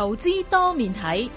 投資多面睇，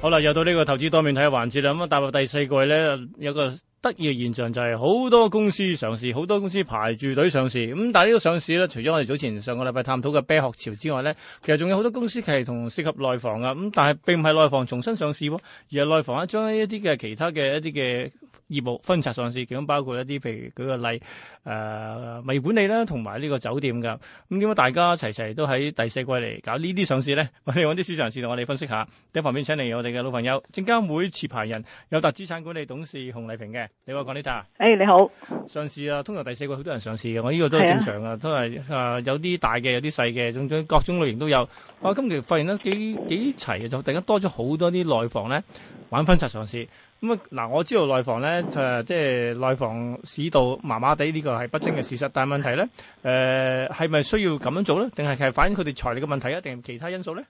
好啦，又到呢個投資多面睇嘅環節啦。咁啊，踏入第四季咧，有個。得意嘅現象就係好多公司上市，好多公司排住隊上市。咁、嗯、但係呢個上市咧，除咗我哋早前上個禮拜探討嘅啤殼潮之外咧，其實仲有好多公司係同適合內房嘅、啊。咁、嗯、但係並唔係內房重新上市喎、啊，而係內房、啊、將一啲嘅其他嘅一啲嘅業務分拆上市。其中包括一啲譬如舉個例，誒物業管理啦，同埋呢個酒店㗎。咁點解大家齊齊都喺第四季嚟搞呢啲上市咧？我哋揾啲市場人士同我哋分析一下。喺旁邊請嚟我哋嘅老朋友，證監會持牌人、有達資產管理董事熊麗萍嘅。你話講呢單？誒，你好！上市啊，通常第四季好多人上市嘅。我、這、呢個都係正常啊，都係誒有啲大嘅，有啲細嘅，種種各種類型都有。我、啊、今期發現得幾幾齊，就突然間多咗好多啲內房咧玩分拆上市。咁啊嗱，我知道內房咧即係內房市道麻麻地呢、這個係不爭嘅事實。但係問題咧誒，係、呃、咪需要咁樣做咧？定係係反映佢哋財力嘅問題啊？定係其他因素咧？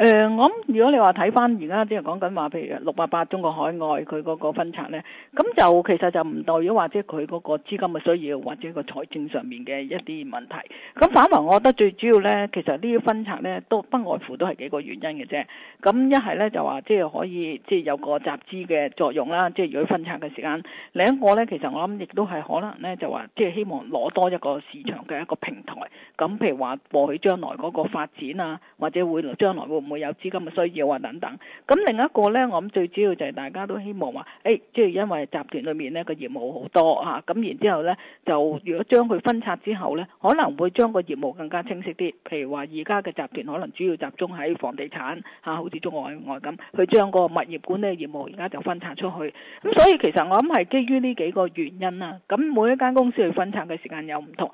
誒、呃，我諗如果你話睇翻而家即係講緊話，譬如六八八中國海外佢嗰個分拆咧，咁就其實就唔代表話即係佢嗰個資金嘅需要或者個財政上面嘅一啲問題。咁反為，我覺得最主要咧，其實呢啲分拆咧都不外乎都係幾個原因嘅啫。咁一係咧就話即係可以即係、就是、有個集資嘅作用啦，即係如果分拆嘅時間。另一個咧，其實我諗亦都係可能咧就話即係希望攞多一個市場嘅一個平台。咁譬如話，過去、將來嗰個發展啊，或者會將來會會有資金嘅需要啊等等，咁另一個呢，我諗最主要就係大家都希望話，即、哎、係、就是、因為集團裏面呢個業務好多嚇，咁、啊、然之後呢，就如果將佢分拆之後呢，可能會將個業務更加清晰啲。譬如話，而家嘅集團可能主要集中喺房地產嚇、啊，好似中海外咁，去將個物業管理業務而家就分拆出去。咁所以其實我諗係基於呢幾個原因啦。咁每一間公司去分拆嘅時間又唔同。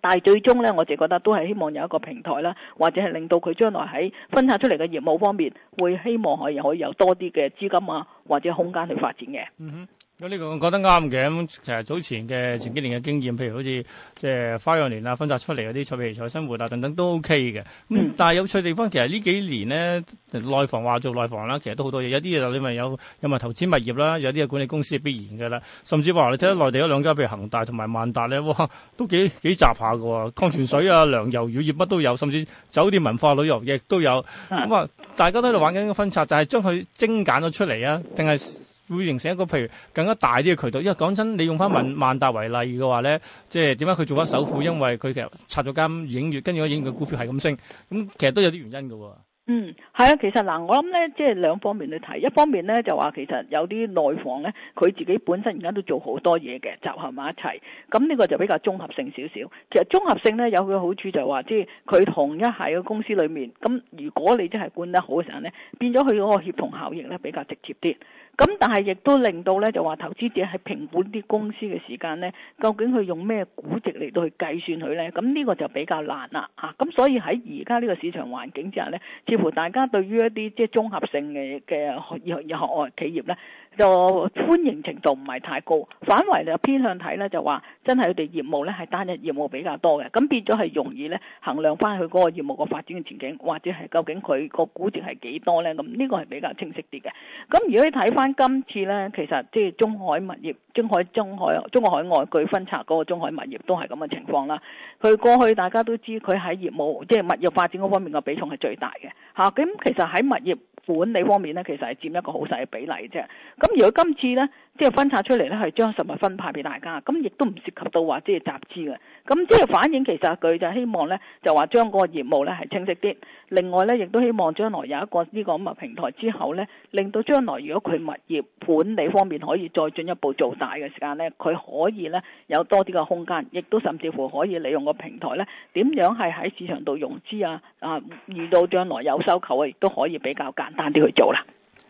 但係最終呢，我哋覺得都係希望有一個平台啦，或者係令到佢將來喺分拆出嚟嘅業務方面，會希望可以可以有多啲嘅資金啊。或者空間去發展嘅，嗯哼，咁呢個我覺得啱嘅。咁其實早前嘅前幾年嘅經驗，譬如好似即係花樣年啊，分拆出嚟嗰啲彩皮、彩生活啦等等都 O K 嘅。咁、嗯、但係有趣地方，其實呢幾年咧內房話做內房啦，其實都好多嘢。有啲嘢你咪有，有咪投資物業啦，有啲嘅管理公司係必然嘅啦。甚至話你睇下內地有兩家，譬如恒大同埋萬達咧，哇，都幾幾雜下嘅喎。礦泉水啊、糧油、乳業乜都有，甚至酒店、文化旅遊亦都有。咁、嗯、啊，大家都喺度玩緊個分拆，就係將佢精簡咗出嚟啊。定係會形成一個譬如更加大啲嘅渠道，因為講真，你用翻萬萬達為例嘅話咧，即係點解佢做翻首富？因為佢其實拆咗間影院，跟住嗰個影院嘅股票係咁升，咁其實都有啲原因嘅。嗯，係啊，其實嗱，我諗咧，即係兩方面去睇，一方面咧就話其實有啲內房咧，佢自己本身而家都做好多嘢嘅，集合埋一齊，咁呢個就比較綜合性少少。其實綜合性咧有佢好處就係話，即係佢同一係嘅公司裏面，咁如果你真係管得好嘅時候咧，變咗佢嗰個協同效應咧比較直接啲。咁但係亦都令到咧，就話投資者喺評估啲公司嘅時間咧，究竟佢用咩估值嚟到去計算佢咧？咁呢個就比較難啦嚇。咁所以喺而家呢個市場環境之下咧，似乎大家對於一啲即係綜合性嘅嘅學外企業咧。就歡迎程度唔係太高，反為咧偏向睇咧就話，真係佢哋業務咧係單一業務比較多嘅，咁變咗係容易咧衡量翻佢嗰個業務個發展嘅前景，或者係究竟佢個估值係幾多咧？咁呢個係比較清晰啲嘅。咁如果你睇翻今次咧，其實即係中海物業、中海、中海、中國海外佢分拆嗰個中海物業都係咁嘅情況啦。佢過去大家都知佢喺業務即係、就是、物業發展嗰方面個比重係最大嘅，吓，咁其實喺物業。管理方面咧，其實係佔一個好細嘅比例啫。咁如果今次咧，即係分拆出嚟咧，係將實物分派俾大家，咁亦都唔涉及到話即係集資嘅。咁即係反映其實佢就希望咧，就話將個業務咧係清晰啲。另外咧，亦都希望將來有一個呢個咁嘅平台之後咧，令到將來如果佢物業管理方面可以再進一步做大嘅時間咧，佢可以咧有多啲嘅空間，亦都甚至乎可以利用個平台咧，點樣係喺市場度融資啊，啊，遇到將來有收購，啊，亦都可以比較簡單啲去做啦。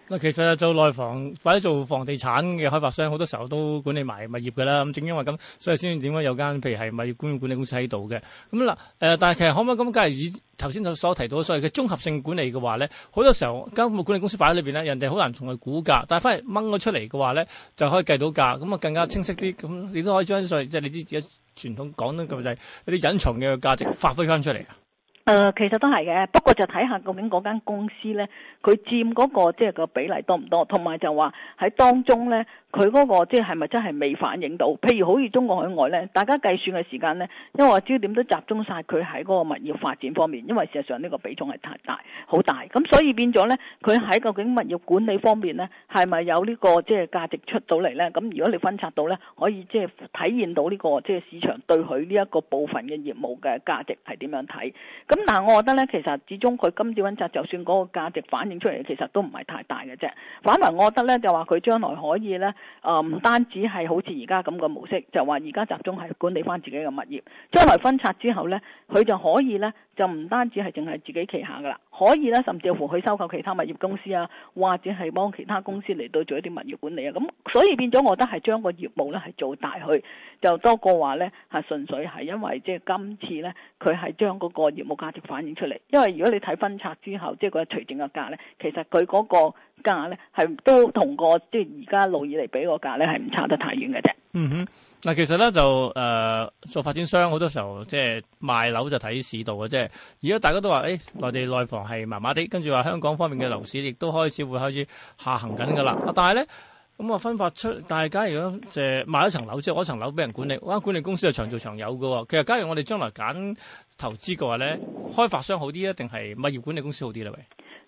嗱，其實做內房或者做房地產嘅開發商，好多時候都管理埋物業嘅啦。咁正因為咁，所以先點解有間譬如係物業管理管理公司喺度嘅。咁嗱，誒、呃，但係其實可唔可以咁？假如以頭先所提到嘅所謂嘅綜合性管理嘅話咧，好多時候間物管理公司擺喺裏邊咧，人哋好難從佢估價，但係翻嚟掹咗出嚟嘅話咧，就可以計到價。咁啊，更加清晰啲。咁你都可以將所謂，即係你啲自己傳統講得咁就係啲隱藏嘅價值發揮翻出嚟。誒、呃、其實都係嘅，不過就睇下究竟嗰間公司咧，佢佔嗰、嗰個即係個比例多唔多，同埋就話喺當中咧，佢嗰、嗰個即係係咪真係未反映到？譬如好似中國海外咧，大家計算嘅時間咧，因為焦點都集中晒佢喺嗰個物業發展方面，因為事實上呢個比重係太大，好大。咁所以變咗咧，佢喺究竟物業管理方面咧，係咪有呢、呢個即係價值出到嚟咧？咁如果你分拆到咧，可以即係體現到呢、呢個即係市場對佢呢一個部分嘅業務嘅價值係點樣睇？咁。嗱，我覺得咧，其實始終佢今次分拆，就算嗰個價值反映出嚟，其實都唔係太大嘅啫。反為我覺得咧，就話佢將來可以咧，呃，唔單止係好似而家咁嘅模式，就話而家集中係管理翻自己嘅物業，將來分拆之後咧，佢就可以咧，就唔單止係淨係自己旗下噶啦。可以咧，甚至乎去收購其他物業公司啊，或者係幫其他公司嚟到做一啲物業管理啊，咁所以變咗，我覺得係將個業務咧係做大去，就多過話咧，係純粹係因為即係今次咧，佢係將嗰個業務價值反映出嚟。因為如果你睇分拆之後，即係個除淨嘅價咧，其實佢嗰個價咧係都同個即係而家路以嚟俾個價咧係唔差得太遠嘅啫。嗯哼，嗱，其實咧就誒、呃，做發展商好多時候即係賣樓就睇市道嘅啫，即係而家大家都話誒，內、哎、地內房係麻麻地，跟住話香港方面嘅樓市亦都開始會開始下行緊噶啦。啊，但係咧咁啊，分發出大家如果即係賣咗層樓之後，嗰層樓俾人管理，嗰管理公司係長做長有嘅。其實假如我哋將來揀投資嘅話咧，開發商好啲啊，定係物業管理公司好啲咧？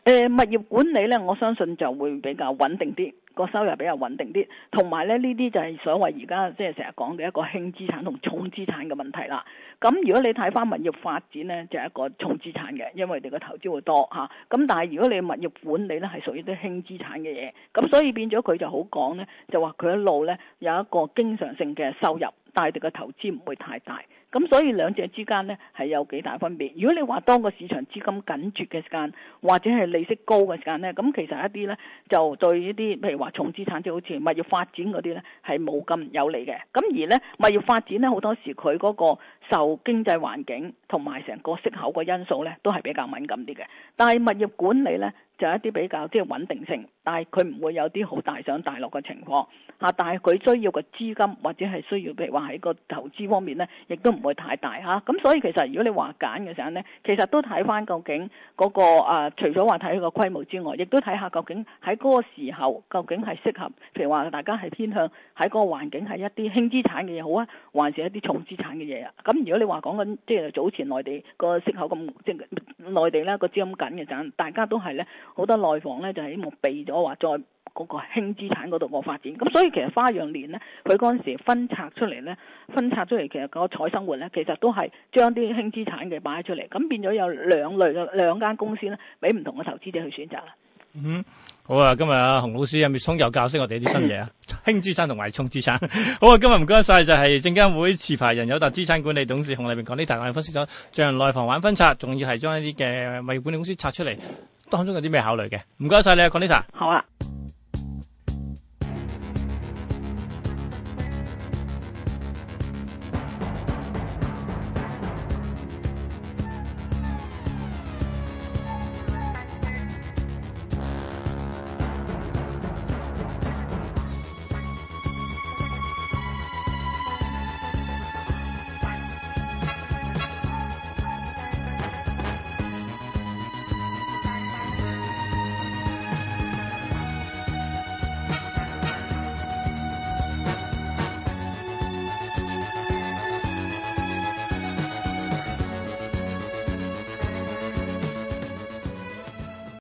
喂，誒，物業管理咧，我相信就會比較穩定啲。個收入比較穩定啲，同埋咧呢啲就係所謂而家即係成日講嘅一個輕資產同重資產嘅問題啦。咁如果你睇翻物業發展呢就係、是、一個重資產嘅，因為你個投資會多吓。咁、啊、但係如果你物業管理呢係屬於啲輕資產嘅嘢。咁所以變咗佢就好講呢，就話佢一路呢有一個經常性嘅收入。大哋嘅投資唔會太大，咁所以兩者之間呢係有幾大分別。如果你話當個市場資金緊絀嘅時間，或者係利息高嘅時間呢，咁其實一啲呢就對呢啲譬如話重資產啲，就好似物業發展嗰啲呢係冇咁有利嘅。咁而呢物業發展呢，好多時佢嗰個受經濟環境同埋成個息口嘅因素呢都係比較敏感啲嘅。但係物業管理呢。就一啲比較即係穩定性，但係佢唔會有啲好大上大落嘅情況、啊、但係佢需要嘅資金或者係需要譬如話喺個投資方面咧，亦都唔會太大咁、啊、所以其實如果你話揀嘅時候咧，其實都睇翻究竟嗰、個、啊、除咗話睇個規模之外，亦都睇下究竟喺嗰個時候究竟係適合，譬如話大家係偏向喺個環境係一啲輕資產嘅嘢好啊，還是係一啲重資產嘅嘢啊？咁如果你話講緊即係早前內地個息口咁，即、就、係、是、內地咧、個資金緊嘅陣，大家都係咧。好多內房咧，就希、是、望避咗話再嗰個輕資產嗰度冇發展。咁所以其實花樣年咧，佢嗰陣時分拆出嚟咧，分拆出嚟其實個彩生活咧，其實都係將啲輕資產嘅擺出嚟，咁變咗有兩類嘅兩間公司咧，俾唔同嘅投資者去選擇。嗯，好啊，今日阿、啊、洪老師松有咪充又教識我哋啲新嘢啊？ 輕資產同埋重資產。 好啊，今日唔該晒就係證監會持牌人有達資產管理董事洪立明講呢題，我哋分析咗將內房玩分拆，仲要係將一啲嘅物業管理公司拆出嚟。當中有啲咩考慮嘅？唔該晒，你啊，Connie sir。好啊。